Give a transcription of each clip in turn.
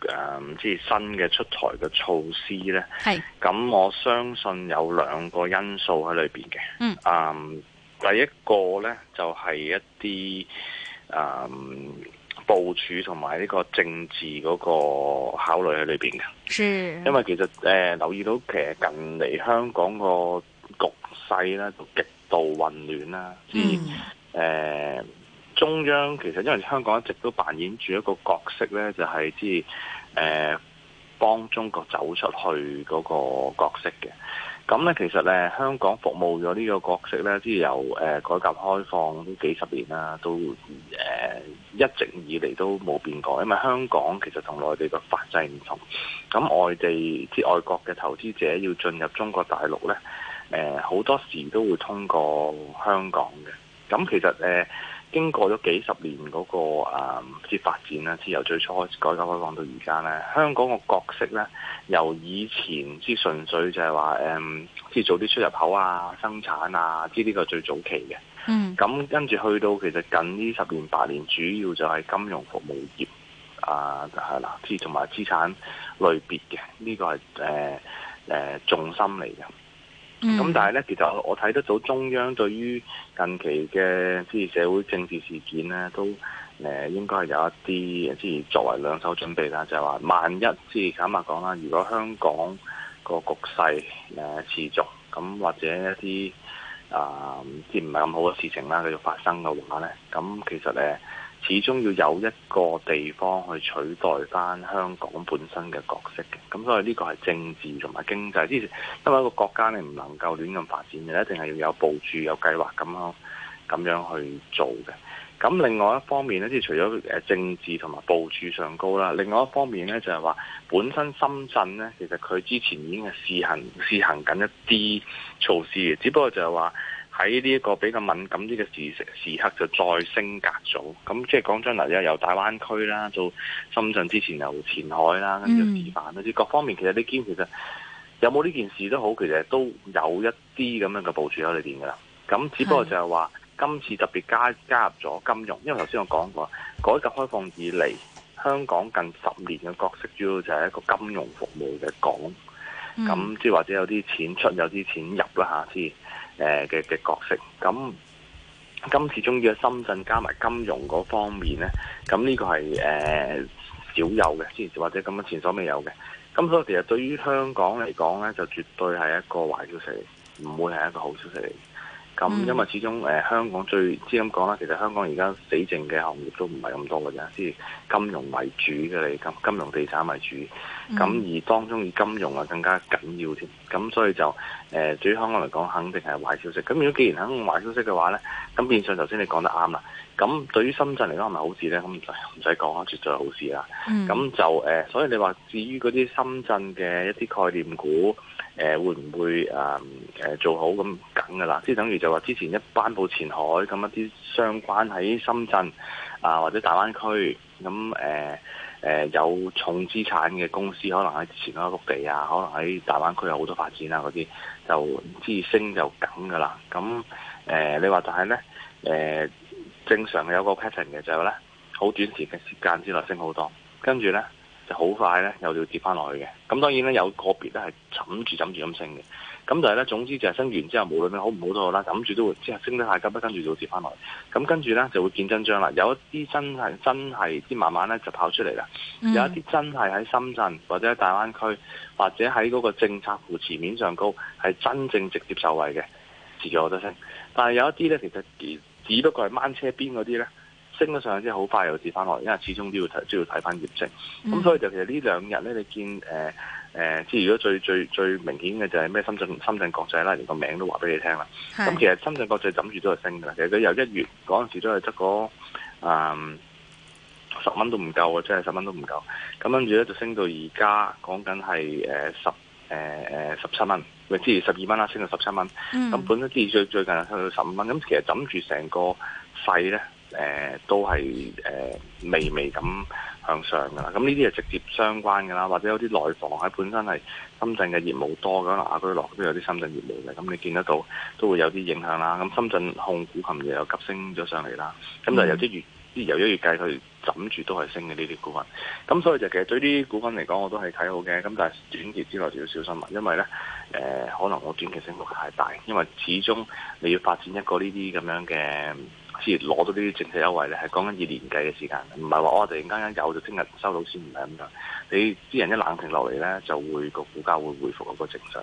誒，唔知新嘅出台嘅措施呢，係咁我相信有兩個因素喺裏邊嘅。嗯，啊、um,，第一個呢，就係、是、一啲誒、um, 部署同埋呢個政治嗰個考慮喺裏邊嘅。因為其實誒、呃、留意到其實近嚟香港個局勢呢，就極度混亂啦。嗯。誒、呃。中央其實因為香港一直都扮演住一個角色呢，就係即係幫中國走出去嗰個角色嘅。咁呢，其實呢，香港服務咗呢個角色呢，即係由誒改革開放幾十年啦，都誒、呃、一直以嚟都冇變過。因為香港其實同內地嘅法制唔同，咁外地即係外國嘅投資者要進入中國大陸呢，誒、呃、好多時都會通過香港嘅。咁其實誒。呃經過咗幾十年嗰個之發展啦，自由最初開始改革開放到而家咧，香港個角色咧由以前之純粹就係話即之早啲出入口啊、生產啊之呢個最早期嘅，嗯，咁跟住去到其實近呢十年八年，主要就係金融服務業啊，係啦，之同埋資產類別嘅呢個係誒誒重心嚟嘅。咁、嗯、但係咧，其實我睇得到中央對於近期嘅即係社會政治事件咧，都誒應該係有一啲即係作為兩手準備啦，就係、是、話萬一即係坦白講啦，如果香港個局勢誒持續咁或者一啲啊即係唔係咁好嘅事情啦，繼續發生嘅話咧，咁其實咧。始終要有一個地方去取代翻香港本身嘅角色嘅，咁所以呢個係政治同埋經濟，之因為一個國家你唔能夠亂咁發展嘅，一定係要有部署、有計劃咁樣咁樣去做嘅。咁另外一方面呢即係誒除咗政治同埋部署上高啦，另外一方面呢，就係話本身深圳呢，其實佢之前已經係試行試行緊一啲措施嘅，只不過就係話。喺呢一個比較敏感啲嘅時時刻就再升格咗，咁即係講將嚟咧，由大灣區啦到深圳之前，由前海啦跟住示範嗰啲各方面其，其實你兼其實有冇呢件事都好，其實都有一啲咁樣嘅部署喺裏邊噶啦。咁只不過就係話今次特別加加入咗金融，因為頭先我講過改革開放以嚟，香港近十年嘅角色主要就係一個金融服務嘅港。咁、嗯、即或者有啲錢出有啲錢入啦嚇，之嘅嘅角色。咁今次終於喺深圳加埋金融嗰方面咧，咁呢個係誒、呃、少有嘅，之或者咁樣前所未有嘅。咁所以其實對於香港嚟講咧，就絕對係一個壞消息，唔會係一個好消息嚟。咁、嗯、因為始終、呃、香港最即係咁講啦，其實香港而家死剩嘅行業都唔係咁多嘅咋，即金融為主嘅，金金融地產為主。咁、嗯、而當中以金融啊更加緊要添，咁所以就誒，對、呃、於香港嚟講，肯定係壞消息。咁如果既然係壞消息嘅話咧，咁變相頭先你講得啱啦。咁對於深圳嚟講係咪好事咧？咁唔使唔使講，絕對係好事啦。咁、嗯、就誒、呃，所以你話至於嗰啲深圳嘅一啲概念股誒、呃，會唔會啊、呃、做好咁緊嘅啦？即係等於就話之前一發布前海咁一啲相關喺深圳啊、呃、或者大灣區咁誒。呃呃誒、呃、有重資產嘅公司，可能喺前嗰一幅地啊，可能喺大灣區有好多發展啊嗰啲，就唔知升就梗㗎喇。咁、嗯、誒、呃，你話就係呢，誒、呃、正常有個 pattern 嘅就呢，好短時嘅時間之內升好多，跟住呢就好快呢又要跌翻落去嘅。咁、嗯、當然呢，有個別都係枕住枕住咁升嘅。咁就係咧，總之就係升完之後，無論你好唔好都好啦，諗住都會即係升得太急，跟住就跌翻落嚟。咁跟住咧就會見真章啦。有一啲真係真係啲慢慢咧就跑出嚟啦、嗯。有一啲真係喺深圳或者喺大灣區或者喺嗰個政策扶持面上高，係真正直接受惠嘅，自然我都升。但係有一啲咧，其實只不過係掹車邊嗰啲咧，升得上去之後好快又跌翻落嚟，因為始終都要睇都要睇翻業績。咁、嗯、所以就其實兩呢兩日咧，你見誒。呃誒、呃，即係如果最最最明顯嘅就係咩？深圳，深圳國際啦，連個名都話俾你聽啦。咁其實深圳國際枕住都係升㗎喇，其實佢由一月嗰陣時都係得個十蚊都唔夠啊，即係十蚊都唔夠。咁跟住咧就升到而家講緊係誒十誒誒十七蚊，即係之前十二蚊啦，升到十七蚊。咁、嗯、本身之前最最近升到十五蚊。咁其實枕住成個勢咧，誒、呃、都係誒、呃、微微咁。向上噶啦，咁呢啲係直接相關噶啦，或者有啲內房喺本身係深圳嘅業務多，㗎啦可能亞居樂都有啲深圳業務嘅，咁你見得到都會有啲影響啦。咁深圳控股琴日又急升咗上嚟啦，咁就有啲月、嗯，由一月計佢枕住都係升嘅呢啲股份。咁所以就其實對啲股份嚟講，我都係睇好嘅。咁但係短期之內就要小心啦，因為咧、呃、可能我短期升幅太大，因為始終你要發展一個呢啲咁樣嘅。接攞到呢啲政策優惠咧，係講緊二年計嘅時間，唔係話我哋啱啱有就聽日收到先，唔係咁樣。你啲人一冷靜落嚟呢，就會個股價會恢復一個正常。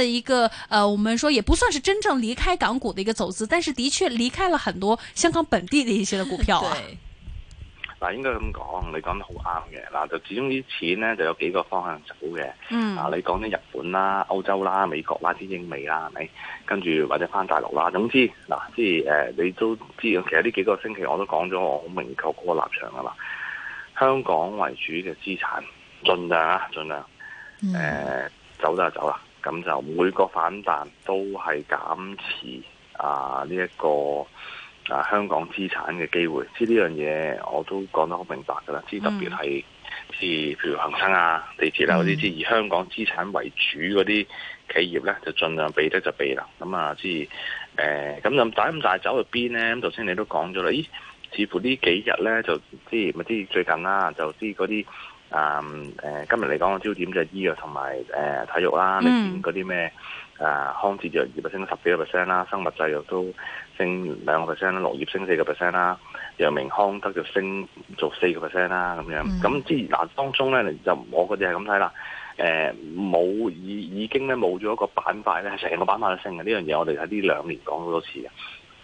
一個，呃，我們說也不算是真正離開港股的一個走資，但是的確離開了很多香港本地的一些的股票啊。嗱， 應該咁講，你講得好啱嘅。嗱，就始終啲錢呢就有幾個方向走嘅、嗯。啊，你講啲日本啦、歐洲啦、美國啦、啲英美啦，係咪？跟住或者返大陸啦，總、啊、之嗱，即係誒，你都知道，其實呢幾個星期我都講咗，我好明確嗰個立場噶啦。香港為主嘅資產，盡量啊，盡量誒、呃嗯，走得就走啦。咁就每個反彈都係減持啊呢一個啊香港資產嘅機會，知呢樣嘢我都講得好明白噶啦。知特別係知，嗯、譬如恒生啊、地鐵呀嗰啲，知、嗯、以香港資產為主嗰啲企業咧，就盡量避得就避啦。咁啊，知誒，咁、呃、咁大咁大走去邊咧？咁頭先你都講咗啦。咦，似乎呢幾日咧就知唔知最近啦，就知嗰啲。啊、um, 誒、呃，今日嚟講個焦點就係醫藥同埋誒體育啦。你見嗰啲咩啊康治藥業升十幾個 percent 啦，生物製藥都升兩個 percent 啦，農業升四個 percent 啦，陽明康德就升做四個 percent 啦咁樣。咁即係嗱，當中咧就我嗰啲係咁睇啦。誒冇已已經咧冇咗一個板塊咧，成個板塊都升嘅呢樣嘢。這個、我哋喺呢兩年講好多次嘅。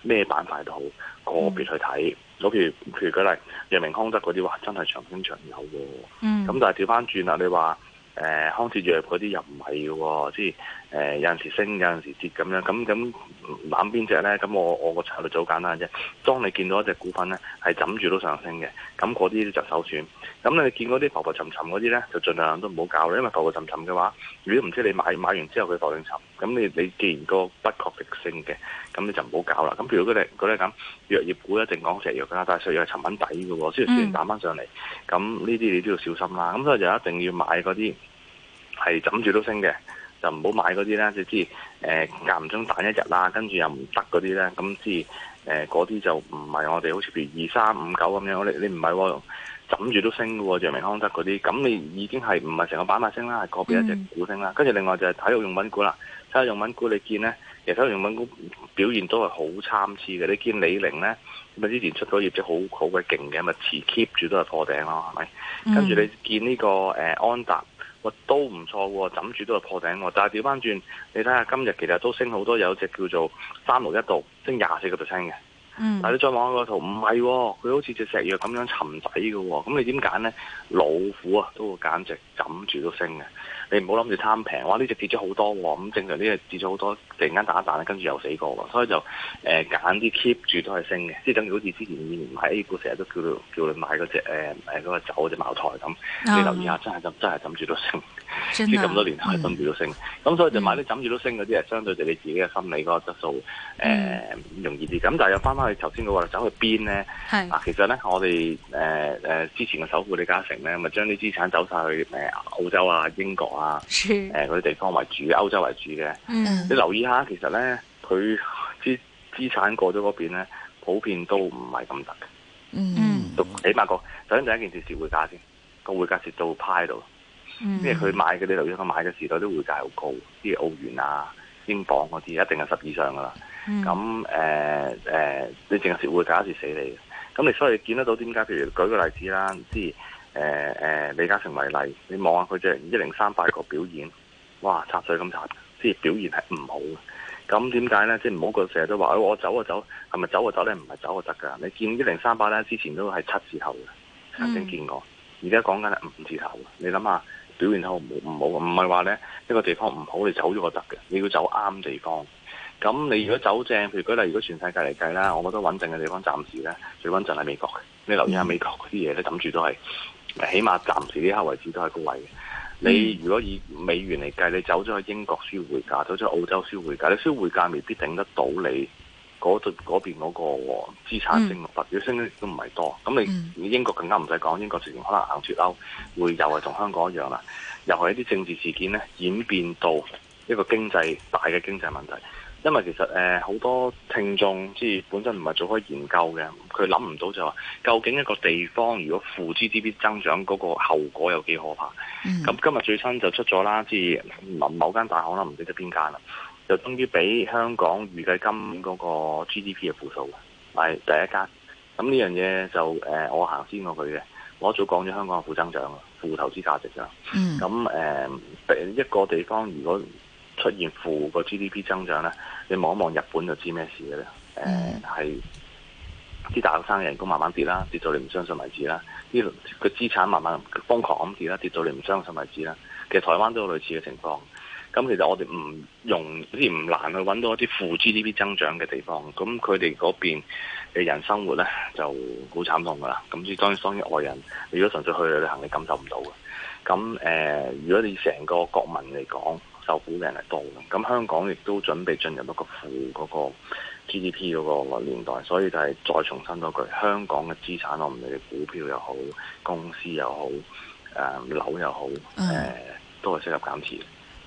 咩板塊都好，個別去睇。咁、嗯、譬如譬如舉例，藥明康德嗰啲話真係長篇長有喎。咁、嗯、但係調翻轉啦，你話誒、呃、康捷藥嗰啲又唔係嘅，即係。誒、呃、有陣時升，有陣時跌咁樣。咁咁揀邊隻咧？咁我我個策略就好簡單啫。當你見到一隻股份咧係枕住都上升嘅，咁嗰啲就首選。咁你見嗰啲浮浮沉沉嗰啲咧，就盡量都唔好搞啦。因為浮浮沉沉嘅話，如果唔知你買買完之後佢浮定沉，咁你你既然個不確定性嘅，咁你就唔好搞啦。咁譬如佢哋佢咁藥業股咧，一定講石藥啦，但係石藥係沉穩底嘅喎，先至先彈翻上嚟。咁呢啲你都要小心啦。咁所以就一定要買嗰啲係枕住都升嘅。就唔好買嗰啲啦，即係誒間唔中彈一日啦，跟住又唔得嗰啲咧，咁即係誒嗰啲就唔係、呃、我哋好似譬如二三五九咁樣，你你唔係喎，枕住都升嘅喎，藥明康德嗰啲，咁你已經係唔係成個板塊升啦，係個別一隻股升啦、嗯，跟住另外就係體育用品股啦，體育用品股你見咧，其實體育用品股表現都係好參差嘅，你見李寧咧咁之前出咗業績好好鬼勁嘅，咪啊持 keep 住都係破頂咯，係、嗯、咪？跟住你見呢、這個誒、呃、安踏。都唔錯喎，枕住都係破頂喎。但係調翻轉，你睇下今日其實都升好多，有隻叫做三六一度升廿四個 percent 嘅。嗯，但係你再望下個圖，唔係，佢好似隻石藥咁樣沉底嘅。咁你點揀呢？老虎啊，都會揀隻枕住都升嘅。你唔好諗住貪平，哇！呢隻跌咗好多喎，咁正常呢隻跌咗好多，突然間彈一彈跟住又死過喎，所以就誒揀啲 keep 住都係升嘅，即係等於好似之前，以前買 A 股成日都叫你叫你買嗰隻誒誒嗰酒隻茅台咁，你留意一下、啊、真係咁真係枕住都升，跌咁多年都係枕住都升，咁所以就買啲枕住都升嗰啲係相對就你自己嘅心理嗰個質素誒、呃嗯、容易啲，咁但係又翻返去頭先嗰個走去邊咧？啊，其實咧我哋誒誒之前嘅首富李嘉誠咧，咪將啲資產走晒去誒澳洲啊、英國、啊。話誒，嗰、呃、啲地方為主，歐洲為主嘅、嗯。你留意下，其實咧佢資資產過咗嗰邊咧，普遍都唔係咁得嘅。嗯，起碼個首先第一件事是匯價先，個匯價蝕到趴喺度。嗯，因為佢買嘅，你留意佢買嘅時代啲匯價好高，啲澳元啊、英鎊嗰啲一定係十以上噶啦。咁誒誒，你淨係蝕匯價蝕死你。咁你所以見得到點解？譬如舉個例子啦，即係。誒、呃、誒，李嘉誠為例，你望下佢隻一零三八個表演，哇，插水咁插，即係表現係唔好嘅。咁點解咧？即係唔好個成日都話，我走啊走，係咪走啊走咧？唔係走就得㗎。你見一零三八咧，之前都係七字頭嘅，曾經見過。而家講緊係五字頭。你諗下，表現好唔好？唔係話咧一個地方唔好，你走咗就得嘅。你要走啱地方。咁你如果走正，譬如講，例，如果全世界嚟計啦，我覺得穩陣嘅地方，暫時咧最穩陣係美國嘅。你留意下美國嗰啲嘢咧，諗、嗯、住都係。起碼暫時呢刻為止都係高位嘅。你如果以美元嚟計，你走咗去英國輸匯價，走咗去澳洲輸匯價，你輸匯價未必頂得到你嗰對嗰邊嗰個資產性物資升都唔係多。咁、嗯、你，你英國更加唔使講，英國直情可能硬脫歐，會又係同香港一樣啦，又係一啲政治事件咧演變到一個經濟大嘅經濟問題。因為其實誒好多聽眾即係本身唔係做開研究嘅，佢諗唔到就話究竟一個地方如果負 GDP 增長嗰個後果有幾可怕？咁、mm. 今日最新就出咗啦，即係某間大行啦，唔記得邊間啦，就終於俾香港預計今年個 GDP 嘅負數嘅，係第一間。咁呢樣嘢就誒我行先過佢嘅，我一早講咗香港嘅負增長啊，負投資價值噶。咁誒，一個地方如果出現負個 GDP 增長咧，你望一望日本就知咩事嘅咧。誒，係啲大學生嘅人工慢慢跌啦，跌到你唔相信為止啦。啲個資產慢慢瘋狂咁跌啦，跌到你唔相信為止啦。其實台灣都有類似嘅情況。咁其實我哋唔用，好似唔難去搵到一啲負 GDP 增長嘅地方。咁佢哋嗰邊嘅人生活咧就好慘痛噶啦。咁至於當然，對於外人如果純粹去旅行，你感受唔到嘅。咁、呃、如果你成個國民嚟講，受苦嘅人係多。咁香港亦都準備進入一個負嗰個 GDP 嗰個年代，所以就係再重申多句，香港嘅資產，我唔理你股票又好，公司又好，誒、呃、樓又好，誒、呃、都係適合減持。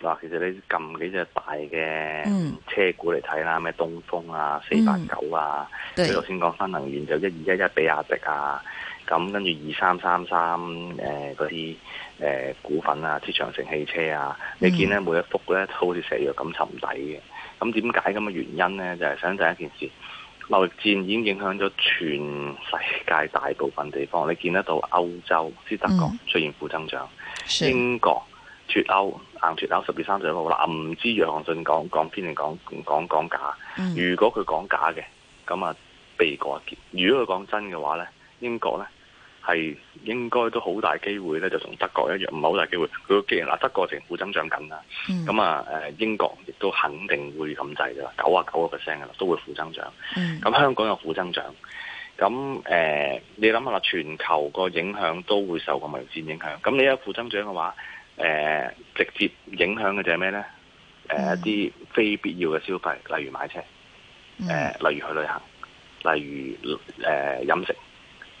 嗱，其實你撳幾隻大嘅車股嚟睇啦，咩、嗯、東風啊、四八九啊，你頭先講新能源就一二一一比亞迪啊，咁跟住二三三三誒嗰啲誒股份啊，即長城汽車啊，你見咧每一幅咧都好似石藥咁沉底嘅，咁點解咁嘅原因咧？就係、是、想第一件事，貿易戰已經影響咗全世界大部分地方，你見得到歐洲，即德國、嗯、出現負增長，英國。脫歐硬脫歐十月三十一號啦，唔、嗯、知楊行信講講偏定講講講假、嗯。如果佢講假嘅，咁啊避過；如果佢講真嘅話咧，英國咧係應該都好大機會咧，就同德國一樣，唔係好大機會。佢既然嗱德國成負增長緊啦，咁、嗯、啊誒英國亦都肯定會咁滯嘅啦，九啊九個 percent 嘅啦，都會負增長。咁、嗯、香港又負增長，咁誒、呃、你諗下啦，全球個影響都會受個貿戰影響。咁你一負增長嘅話，誒、呃、直接影響嘅就係咩咧？誒一啲非必要嘅消費，例如買車，誒、mm -hmm. 呃、例如去旅行，例如誒、呃、飲食，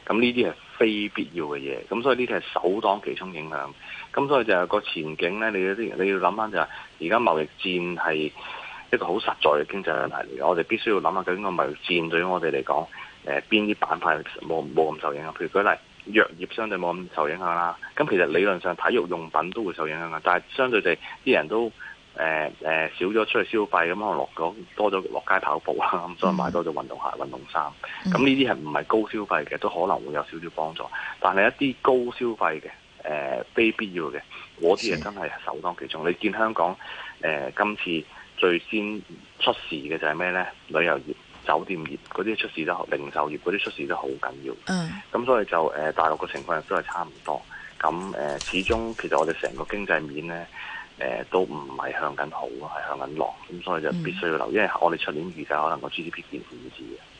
咁呢啲係非必要嘅嘢，咁所以呢啲係首當其衝影響。咁所以就係個前景咧，你啲你要諗翻就係而家貿易戰係一個好實在嘅經濟問題嚟，我哋必須要諗下究竟個貿易戰對於我哋嚟講，誒邊啲板塊冇冇咁受影響，譬如舉例。藥業相對冇咁受影響啦，咁其實理論上體育用品都會受影響嘅，但係相對地啲人都誒誒、呃呃、少咗出去消費，咁可能落咗多咗落街跑步啦，咁所以買多咗運動鞋、運動衫，咁呢啲係唔係高消費嘅，都可能會有少少幫助，但係一啲高消費嘅誒、呃、非必要嘅，嗰啲係真係首當其衝。你見香港誒、呃、今次最先出事嘅就係咩呢？旅遊業。酒店業嗰啲出事都，零售業嗰啲出事都好緊要。嗯，咁所以就誒、呃、大陸個情況都係差唔多。咁誒、呃、始終其實我哋成個經濟面咧，誒、呃、都唔係向緊好，係向緊落。咁所以就必須要留意，mm. 因為我哋出年預計可能個 GDP 見負字嘅。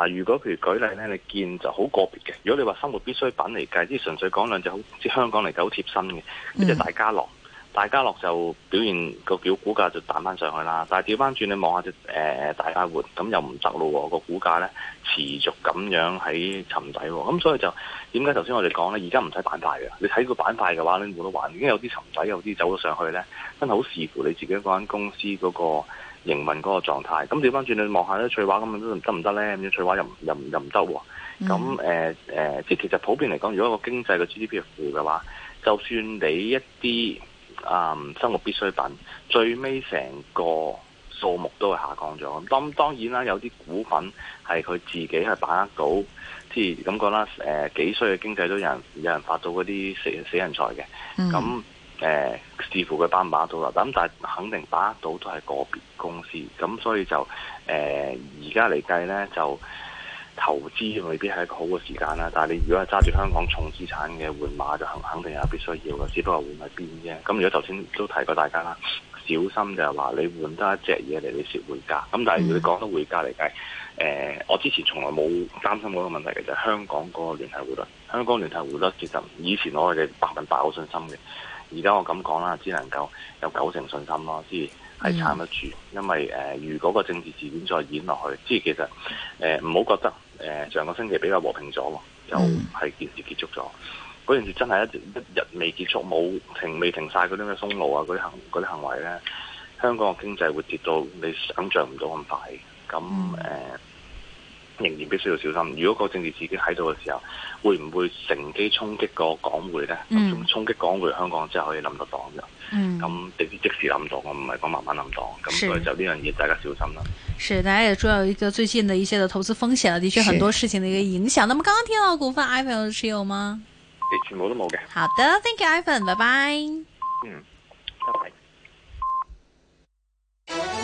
嗱，如果譬如舉例咧，你見就好個別嘅。如果你話生活必需品嚟計，即係純粹講兩隻，好似香港嚟計好貼身嘅，呢、mm. 隻大家樂，大家樂就表現個表股價就彈翻上去啦。但係調翻轉你望下隻誒大快活，咁又唔得咯喎，個股價咧持續咁樣喺沉底喎。咁所以就點解頭先我哋講咧，而家唔使板塊嘅，你睇個板塊嘅話咧，我都話已經有啲沉底，有啲走咗上去咧，真係好視乎你自己嗰間公司嗰、嗰個。營運嗰個狀態，咁調返轉你望下咧翠華咁樣得唔得咧？咁翠華又又又唔得喎。咁誒誒，即係、啊呃、其實普遍嚟講，如果個經濟個 GDP 係負嘅話，就算你一啲啊、嗯、生活必需品，最尾成個數目都係下降咗。當當然啦，有啲股份係佢自己係把握到，即係咁講啦。誒、呃、幾衰嘅經濟都有人有人發到嗰啲死死人財嘅，咁。嗯誒、呃、視乎佢把唔把握到啦，咁但肯定把握到都係個別公司，咁所以就誒而家嚟計咧，就投資未必係一個好嘅時間啦。但你如果係揸住香港重資產嘅換馬，就肯肯定係必須要嘅，只不過換喺邊啫。咁如果頭先都提過大家啦，小心就係話你換得一隻嘢嚟，你蝕匯價。咁但係你講得匯價嚟計，誒、呃、我之前從來冇擔心嗰個問題嘅，就係、香港個聯繫匯率，香港聯繫匯率其實以前我哋百分百好信心嘅。而家我咁講啦，只能夠有九成信心咯，即係係撐得住，因為誒、呃，如果個政治事件再演落去，即係其實誒，唔、呃、好覺得誒，上、呃、個星期比較和平咗，就係件事結束咗。嗰件事真係一一日未結束，冇停未停晒嗰啲咩封路啊，嗰啲行啲行，行為咧，香港嘅經濟會跌到你想象唔到咁快。咁誒。嗯呃仍然必須要小心。如果個政治事件喺度嘅時候，會唔會乘機衝擊個港匯呢？嗯，衝擊港匯，香港真係可以諗到黨嘅。咁、嗯、直即時諗到，我唔係講慢慢諗到。咁所以就呢樣嘢，大家小心啦。是大家也注意到一個最近的一些投資風險啊，的確很多事情嘅一個影響。那麼剛剛聽到股份 Ivan 有持有嗎？你全部都冇嘅。好的，thank you Ivan，拜拜。嗯 bye bye。